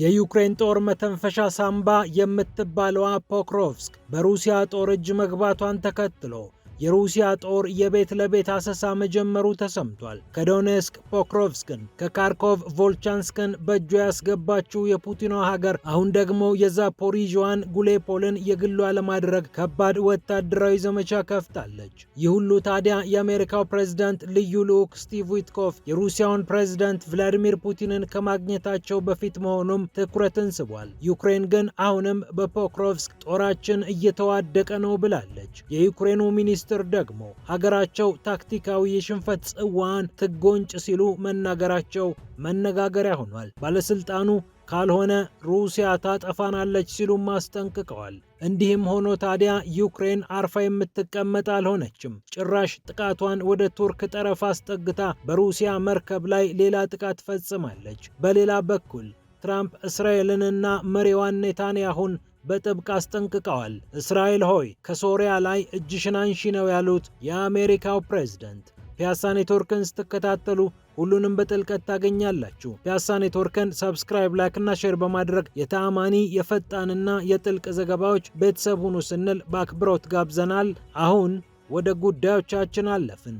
የዩክሬን ጦር መተንፈሻ ሳምባ የምትባለዋ ፖክሮቭስክ በሩሲያ ጦር እጅ መግባቷን ተከትሎ የሩሲያ ጦር የቤት ለቤት አሰሳ መጀመሩ ተሰምቷል። ከዶኔስክ ፖክሮቭስክን፣ ከካርኮቭ ቮልቻንስክን በእጇ ያስገባችው የፑቲኗ ሀገር አሁን ደግሞ የዛፖሪዥዋን ጉሌፖልን የግሏ ለማድረግ ከባድ ወታደራዊ ዘመቻ ከፍታለች። ይህ ሁሉ ታዲያ የአሜሪካው ፕሬዝዳንት ልዩ ልዑክ ስቲቭ ዊትኮፍ የሩሲያውን ፕሬዝዳንት ቭላዲሚር ፑቲንን ከማግኘታቸው በፊት መሆኑም ትኩረትን ስቧል። ዩክሬን ግን አሁንም በፖክሮቭስክ ጦራችን እየተዋደቀ ነው ብላለች። የዩክሬኑ ሚኒስ ሚኒስትር ደግሞ ሀገራቸው ታክቲካዊ የሽንፈት ጽዋን ትጎንጭ ሲሉ መናገራቸው መነጋገሪያ ሆኗል። ባለስልጣኑ ካልሆነ ሩሲያ ታጠፋናለች ሲሉም አስጠንቅቀዋል። እንዲህም ሆኖ ታዲያ ዩክሬን አርፋ የምትቀመጥ አልሆነችም። ጭራሽ ጥቃቷን ወደ ቱርክ ጠረፍ አስጠግታ በሩሲያ መርከብ ላይ ሌላ ጥቃት ፈጽማለች። በሌላ በኩል ትራምፕ እስራኤልንና መሪዋን ኔታንያሁን በጥብቅ አስጠንቅቀዋል። እስራኤል ሆይ ከሶሪያ ላይ እጅሽን አንሺ ነው ያሉት የአሜሪካው ፕሬዝደንት። ፒያሳ ኔትወርክን ስትከታተሉ ሁሉንም በጥልቀት ታገኛላችሁ። ፒያሳ ኔትወርክን ሰብስክራይብ፣ ላይክና ሼር በማድረግ የተአማኒ የፈጣንና የጥልቅ ዘገባዎች ቤተሰብ ሁኑ ስንል በአክብሮት ጋብዘናል። አሁን ወደ ጉዳዮቻችን አለፍን።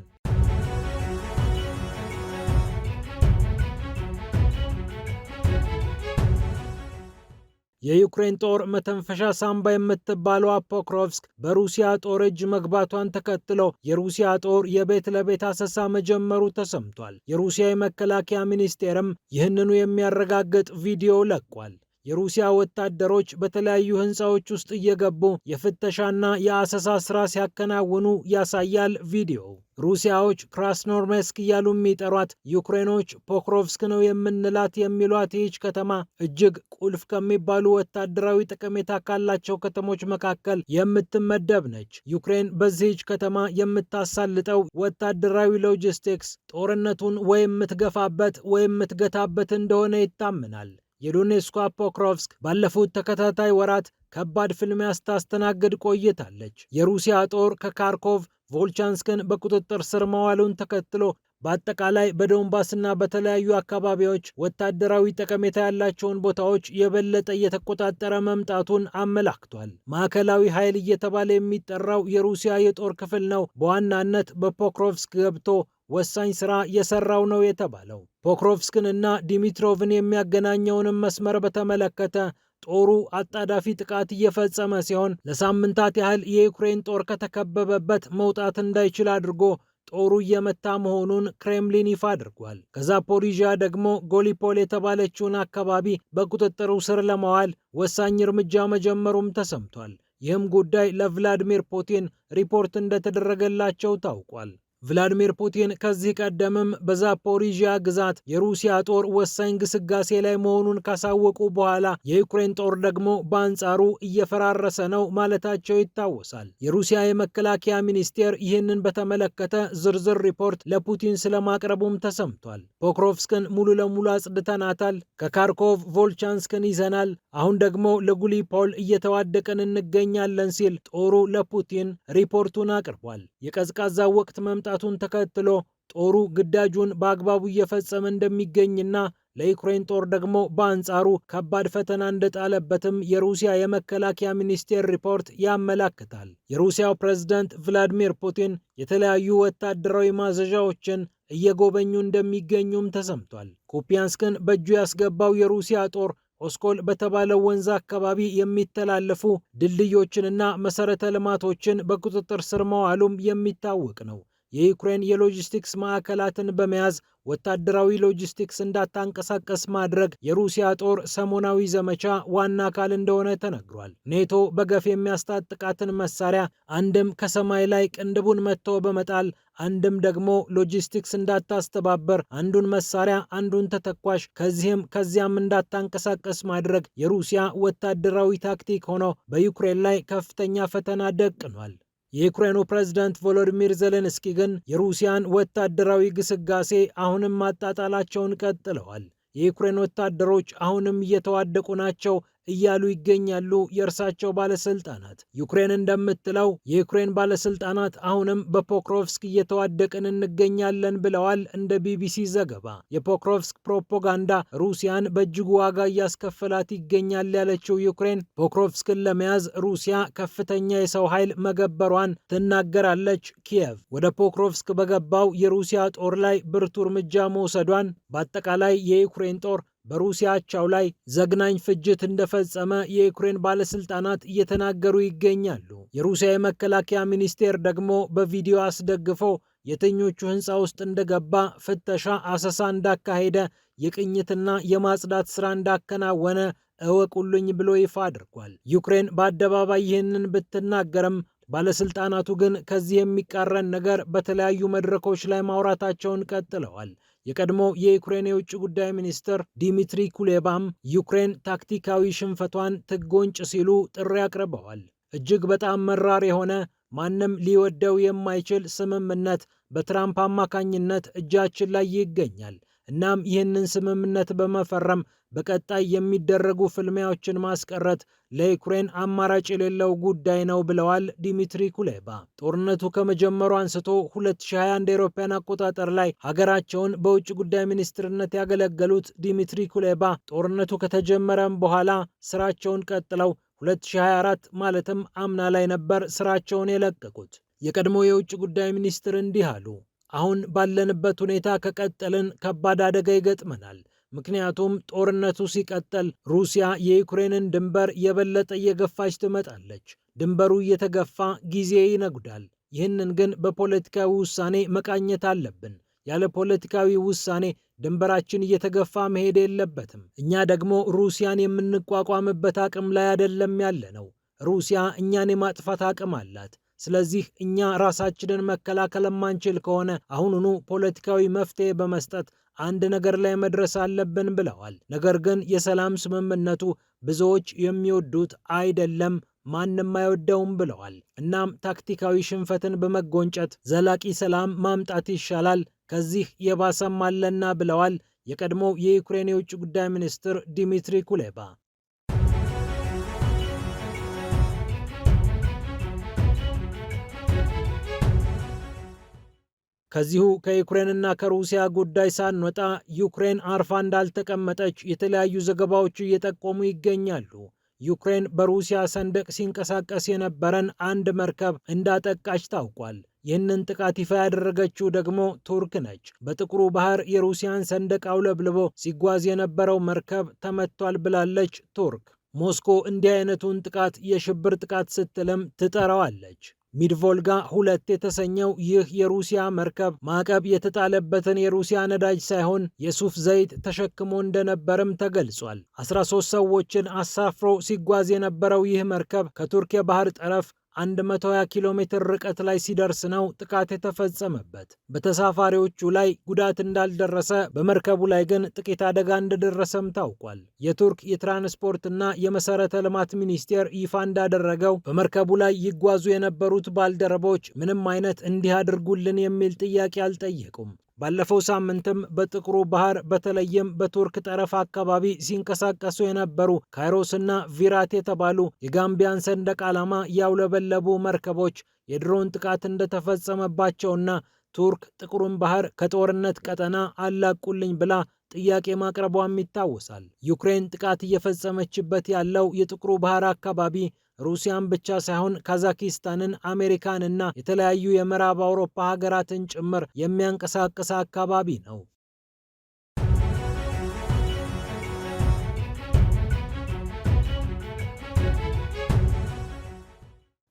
የዩክሬን ጦር መተንፈሻ ሳንባ የምትባለው አፖክሮቭስክ በሩሲያ ጦር እጅ መግባቷን ተከትሎ የሩሲያ ጦር የቤት ለቤት አሰሳ መጀመሩ ተሰምቷል። የሩሲያ የመከላከያ ሚኒስቴርም ይህንኑ የሚያረጋግጥ ቪዲዮ ለቋል። የሩሲያ ወታደሮች በተለያዩ ህንፃዎች ውስጥ እየገቡ የፍተሻና የአሰሳ ስራ ሲያከናውኑ ያሳያል ቪዲዮ። ሩሲያዎች ክራስኖርሜስክ እያሉ የሚጠሯት ዩክሬኖች ፖክሮቭስክ ነው የምንላት የሚሏት ይህች ከተማ እጅግ ቁልፍ ከሚባሉ ወታደራዊ ጠቀሜታ ካላቸው ከተሞች መካከል የምትመደብ ነች። ዩክሬን በዚህች ከተማ የምታሳልጠው ወታደራዊ ሎጂስቲክስ ጦርነቱን ወይም የምትገፋበት ወይም የምትገታበት እንደሆነ ይታመናል። የዶኔስኳ ፖክሮቭስክ ባለፉት ተከታታይ ወራት ከባድ ፍልሚያ ስታስተናግድ ቆይታለች። የሩሲያ ጦር ከካርኮቭ ቮልቻንስክን በቁጥጥር ስር መዋሉን ተከትሎ በአጠቃላይ በዶንባስና በተለያዩ አካባቢዎች ወታደራዊ ጠቀሜታ ያላቸውን ቦታዎች የበለጠ እየተቆጣጠረ መምጣቱን አመላክቷል። ማዕከላዊ ኃይል እየተባለ የሚጠራው የሩሲያ የጦር ክፍል ነው በዋናነት በፖክሮቭስክ ገብቶ ወሳኝ ስራ የሰራው ነው የተባለው። ፖክሮቭስክንና ዲሚትሮቭን የሚያገናኘውንም መስመር በተመለከተ ጦሩ አጣዳፊ ጥቃት እየፈጸመ ሲሆን ለሳምንታት ያህል የዩክሬን ጦር ከተከበበበት መውጣት እንዳይችል አድርጎ ጦሩ እየመታ መሆኑን ክሬምሊን ይፋ አድርጓል። ከዛፖሪዣ ደግሞ ጎሊፖል የተባለችውን አካባቢ በቁጥጥሩ ስር ለማዋል ወሳኝ እርምጃ መጀመሩም ተሰምቷል። ይህም ጉዳይ ለቭላዲሚር ፑቲን ሪፖርት እንደተደረገላቸው ታውቋል። ቭላዲሚር ፑቲን ከዚህ ቀደምም በዛፖሪዥያ ግዛት የሩሲያ ጦር ወሳኝ ግስጋሴ ላይ መሆኑን ካሳወቁ በኋላ የዩክሬን ጦር ደግሞ በአንጻሩ እየፈራረሰ ነው ማለታቸው ይታወሳል። የሩሲያ የመከላከያ ሚኒስቴር ይህንን በተመለከተ ዝርዝር ሪፖርት ለፑቲን ስለማቅረቡም ተሰምቷል። ፖክሮቭስክን ሙሉ ለሙሉ አጽድተናታል፣ ከካርኮቭ ቮልቻንስክን ይዘናል፣ አሁን ደግሞ ለጉሊፖል እየተዋደቅን እንገኛለን ሲል ጦሩ ለፑቲን ሪፖርቱን አቅርቧል። የቀዝቃዛ ወቅት መምጣ መምጣቱን ተከትሎ ጦሩ ግዳጁን በአግባቡ እየፈጸመ እንደሚገኝና ለዩክሬን ጦር ደግሞ በአንጻሩ ከባድ ፈተና እንደጣለበትም የሩሲያ የመከላከያ ሚኒስቴር ሪፖርት ያመላክታል። የሩሲያው ፕሬዝዳንት ቭላዲሚር ፑቲን የተለያዩ ወታደራዊ ማዘዣዎችን እየጎበኙ እንደሚገኙም ተሰምቷል። ኩፒያንስክን በእጁ ያስገባው የሩሲያ ጦር ኦስኮል በተባለው ወንዝ አካባቢ የሚተላለፉ ድልድዮችንና መሠረተ ልማቶችን በቁጥጥር ስር መዋሉም የሚታወቅ ነው። የዩክሬን የሎጂስቲክስ ማዕከላትን በመያዝ ወታደራዊ ሎጂስቲክስ እንዳታንቀሳቀስ ማድረግ የሩሲያ ጦር ሰሞናዊ ዘመቻ ዋና አካል እንደሆነ ተነግሯል። ኔቶ በገፍ የሚያስታጥቃትን መሳሪያ አንድም ከሰማይ ላይ ቅንድቡን መጥቶ በመጣል አንድም ደግሞ ሎጂስቲክስ እንዳታስተባበር አንዱን መሳሪያ አንዱን ተተኳሽ ከዚህም ከዚያም እንዳታንቀሳቀስ ማድረግ የሩሲያ ወታደራዊ ታክቲክ ሆኖ በዩክሬን ላይ ከፍተኛ ፈተና ደቅኗል። የዩክሬኑ ፕሬዝዳንት ቮሎዲሚር ዜሌንስኪ ግን የሩሲያን ወታደራዊ ግስጋሴ አሁንም ማጣጣላቸውን ቀጥለዋል። የዩክሬን ወታደሮች አሁንም እየተዋደቁ ናቸው፣ እያሉ ይገኛሉ የእርሳቸው ባለስልጣናት። ዩክሬን እንደምትለው የዩክሬን ባለስልጣናት አሁንም በፖክሮቭስክ እየተዋደቅን እንገኛለን ብለዋል። እንደ ቢቢሲ ዘገባ የፖክሮቭስክ ፕሮፓጋንዳ ሩሲያን በእጅጉ ዋጋ እያስከፈላት ይገኛል ያለችው ዩክሬን ፖክሮቭስክን ለመያዝ ሩሲያ ከፍተኛ የሰው ኃይል መገበሯን ትናገራለች። ኪየቭ ወደ ፖክሮቭስክ በገባው የሩሲያ ጦር ላይ ብርቱ እርምጃ መውሰዷን በአጠቃላይ የዩክሬን ጦር በሩሲያቸው ላይ ዘግናኝ ፍጅት እንደፈጸመ የዩክሬን ባለስልጣናት እየተናገሩ ይገኛሉ። የሩሲያ የመከላከያ ሚኒስቴር ደግሞ በቪዲዮ አስደግፎ የትኞቹ ሕንፃ ውስጥ እንደገባ ፍተሻ፣ አሰሳ እንዳካሄደ የቅኝትና የማጽዳት ሥራ እንዳከናወነ እወቁልኝ ብሎ ይፋ አድርጓል። ዩክሬን በአደባባይ ይህንን ብትናገርም ባለስልጣናቱ ግን ከዚህ የሚቃረን ነገር በተለያዩ መድረኮች ላይ ማውራታቸውን ቀጥለዋል። የቀድሞ የዩክሬን የውጭ ጉዳይ ሚኒስትር ዲሚትሪ ኩሌባም ዩክሬን ታክቲካዊ ሽንፈቷን ትጎንጭ ሲሉ ጥሪ አቅርበዋል። እጅግ በጣም መራር የሆነ ማንም ሊወደው የማይችል ስምምነት በትራምፕ አማካኝነት እጃችን ላይ ይገኛል። እናም ይህንን ስምምነት በመፈረም በቀጣይ የሚደረጉ ፍልሚያዎችን ማስቀረት ለዩክሬን አማራጭ የሌለው ጉዳይ ነው ብለዋል ዲሚትሪ ኩሌባ። ጦርነቱ ከመጀመሩ አንስቶ 2021 የአውሮፓውያን አቆጣጠር ላይ ሀገራቸውን በውጭ ጉዳይ ሚኒስትርነት ያገለገሉት ዲሚትሪ ኩሌባ ጦርነቱ ከተጀመረም በኋላ ስራቸውን ቀጥለው 2024 ማለትም አምና ላይ ነበር ስራቸውን የለቀቁት። የቀድሞ የውጭ ጉዳይ ሚኒስትር እንዲህ አሉ። አሁን ባለንበት ሁኔታ ከቀጠልን ከባድ አደጋ ይገጥመናል። ምክንያቱም ጦርነቱ ሲቀጠል ሩሲያ የዩክሬንን ድንበር የበለጠ እየገፋች ትመጣለች። ድንበሩ እየተገፋ ጊዜ ይነጉዳል። ይህንን ግን በፖለቲካዊ ውሳኔ መቃኘት አለብን። ያለ ፖለቲካዊ ውሳኔ ድንበራችን እየተገፋ መሄድ የለበትም። እኛ ደግሞ ሩሲያን የምንቋቋምበት አቅም ላይ አይደለም ያለ ነው። ሩሲያ እኛን የማጥፋት አቅም አላት። ስለዚህ እኛ ራሳችንን መከላከል ማንችል ከሆነ አሁኑኑ ፖለቲካዊ መፍትሄ በመስጠት አንድ ነገር ላይ መድረስ አለብን ብለዋል። ነገር ግን የሰላም ስምምነቱ ብዙዎች የሚወዱት አይደለም፣ ማንም አይወደውም ብለዋል። እናም ታክቲካዊ ሽንፈትን በመጎንጨት ዘላቂ ሰላም ማምጣት ይሻላል፣ ከዚህ የባሰም አለና ብለዋል የቀድሞው የዩክሬን የውጭ ጉዳይ ሚኒስትር ዲሚትሪ ኩሌባ ከዚሁ ከዩክሬንና ከሩሲያ ጉዳይ ሳንወጣ ዩክሬን አርፋ እንዳልተቀመጠች የተለያዩ ዘገባዎች እየጠቆሙ ይገኛሉ። ዩክሬን በሩሲያ ሰንደቅ ሲንቀሳቀስ የነበረን አንድ መርከብ እንዳጠቃች ታውቋል። ይህንን ጥቃት ይፋ ያደረገችው ደግሞ ቱርክ ነች። በጥቁሩ ባህር የሩሲያን ሰንደቅ አውለብልቦ ሲጓዝ የነበረው መርከብ ተመቷል ብላለች ቱርክ። ሞስኮ እንዲህ አይነቱን ጥቃት የሽብር ጥቃት ስትልም ትጠራዋለች። ሚድቮልጋ ሁለት የተሰኘው ይህ የሩሲያ መርከብ ማዕቀብ የተጣለበትን የሩሲያ ነዳጅ ሳይሆን የሱፍ ዘይት ተሸክሞ እንደነበርም ተገልጿል። 13 ሰዎችን አሳፍሮ ሲጓዝ የነበረው ይህ መርከብ ከቱርክ የባህር ጠረፍ 120 ኪሎ ሜትር ርቀት ላይ ሲደርስ ነው ጥቃት የተፈጸመበት። በተሳፋሪዎቹ ላይ ጉዳት እንዳልደረሰ፣ በመርከቡ ላይ ግን ጥቂት አደጋ እንደደረሰም ታውቋል። የቱርክ የትራንስፖርትና የመሰረተ ልማት ሚኒስቴር ይፋ እንዳደረገው በመርከቡ ላይ ይጓዙ የነበሩት ባልደረቦች ምንም አይነት እንዲህ አድርጉልን የሚል ጥያቄ አልጠየቁም። ባለፈው ሳምንትም በጥቁሩ ባህር በተለይም በቱርክ ጠረፍ አካባቢ ሲንቀሳቀሱ የነበሩ ካይሮስና ቪራት የተባሉ የጋምቢያን ሰንደቅ ዓላማ ያውለበለቡ መርከቦች የድሮን ጥቃት እንደተፈጸመባቸውና ቱርክ ጥቁሩን ባህር ከጦርነት ቀጠና አላቁልኝ ብላ ጥያቄ ማቅረቧም ይታወሳል። ዩክሬን ጥቃት እየፈጸመችበት ያለው የጥቁሩ ባህር አካባቢ ሩሲያን ብቻ ሳይሆን ካዛኪስታንን፣ አሜሪካን እና የተለያዩ የምዕራብ አውሮፓ ሀገራትን ጭምር የሚያንቀሳቅስ አካባቢ ነው።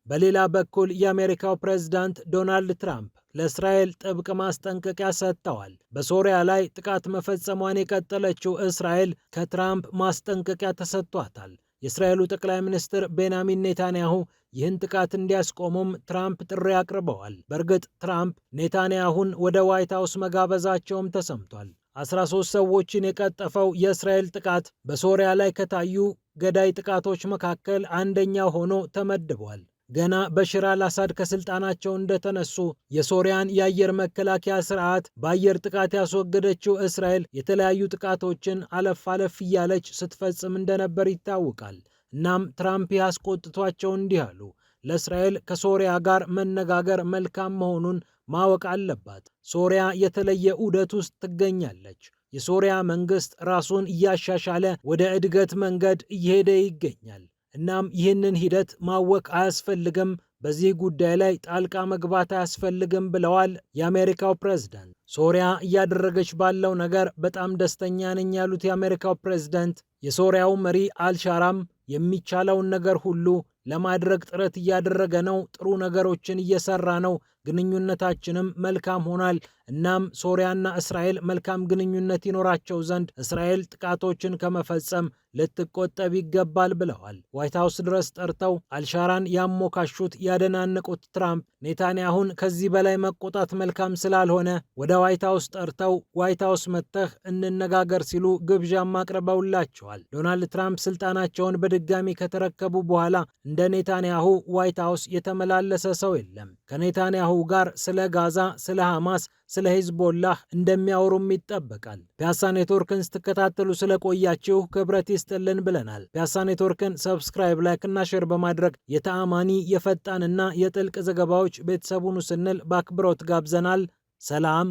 በሌላ በኩል የአሜሪካው ፕሬዝዳንት ዶናልድ ትራምፕ ለእስራኤል ጥብቅ ማስጠንቀቂያ ሰጥተዋል። በሶሪያ ላይ ጥቃት መፈጸሟን የቀጠለችው እስራኤል ከትራምፕ ማስጠንቀቂያ ተሰጥቷታል። የእስራኤሉ ጠቅላይ ሚኒስትር ቤንያሚን ኔታንያሁ ይህን ጥቃት እንዲያስቆሙም ትራምፕ ጥሪ አቅርበዋል። በእርግጥ ትራምፕ ኔታንያሁን ወደ ዋይት ሀውስ መጋበዛቸውም ተሰምቷል። 13 ሰዎችን የቀጠፈው የእስራኤል ጥቃት በሶሪያ ላይ ከታዩ ገዳይ ጥቃቶች መካከል አንደኛ ሆኖ ተመድቧል። ገና በሽር አልአሳድ ከስልጣናቸው እንደተነሱ የሶሪያን የአየር መከላከያ ስርዓት በአየር ጥቃት ያስወገደችው እስራኤል የተለያዩ ጥቃቶችን አለፍ አለፍ እያለች ስትፈጽም እንደነበር ይታወቃል። እናም ትራምፕ ያስቆጥቷቸው እንዲህ አሉ። ለእስራኤል ከሶሪያ ጋር መነጋገር መልካም መሆኑን ማወቅ አለባት። ሶሪያ የተለየ ዑደት ውስጥ ትገኛለች። የሶሪያ መንግስት ራሱን እያሻሻለ ወደ እድገት መንገድ እየሄደ ይገኛል። እናም ይህንን ሂደት ማወቅ አያስፈልግም፣ በዚህ ጉዳይ ላይ ጣልቃ መግባት አያስፈልግም ብለዋል የአሜሪካው ፕሬዝደንት ሶሪያ እያደረገች ባለው ነገር በጣም ደስተኛ ነኝ ያሉት የአሜሪካው ፕሬዝደንት የሶሪያው መሪ አልሻራም የሚቻለውን ነገር ሁሉ ለማድረግ ጥረት እያደረገ ነው። ጥሩ ነገሮችን እየሰራ ነው። ግንኙነታችንም መልካም ሆኗል። እናም ሶሪያና እስራኤል መልካም ግንኙነት ይኖራቸው ዘንድ እስራኤል ጥቃቶችን ከመፈጸም ልትቆጠብ ይገባል ብለዋል። ዋይት ሀውስ ድረስ ጠርተው አልሻራን ያሞካሹት ያደናነቁት ትራምፕ ኔታንያሁን ከዚህ በላይ መቆጣት መልካም ስላልሆነ ወደ ዋይት ሀውስ ጠርተው ዋይት ሀውስ መጥተህ እንነጋገር ሲሉ ግብዣም አቅርበውላቸዋል። ዶናልድ ትራምፕ ስልጣናቸውን በድጋሚ ከተረከቡ በኋላ እንደ ኔታንያሁ ዋይት ሀውስ የተመላለሰ ሰው የለም። ከኔታንያሁ ጋር ስለ ጋዛ፣ ስለ ሐማስ፣ ስለ ሂዝቦላህ እንደሚያወሩም ይጠበቃል። ፒያሳ ኔትወርክን ስትከታተሉ ስለቆያችሁ ክብረት ይስጥልን ብለናል። ፒያሳ ኔትወርክን ሰብስክራይብ፣ ላይክና ሼር በማድረግ የተአማኒ የፈጣንና የጥልቅ ዘገባዎች ቤተሰቡን ስንል በአክብሮት ጋብዘናል። ሰላም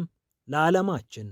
ለዓለማችን።